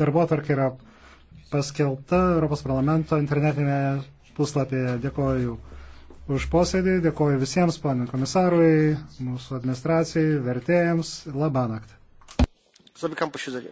darbo tarkai yra paskelbta Europos parlamento internetinėje puslapyje. Dėkoju už posėdį, dėkoju visiems, panė komisarui, mūsų administracijai, vertėjams. Labą naktį. Zabikam posėdį.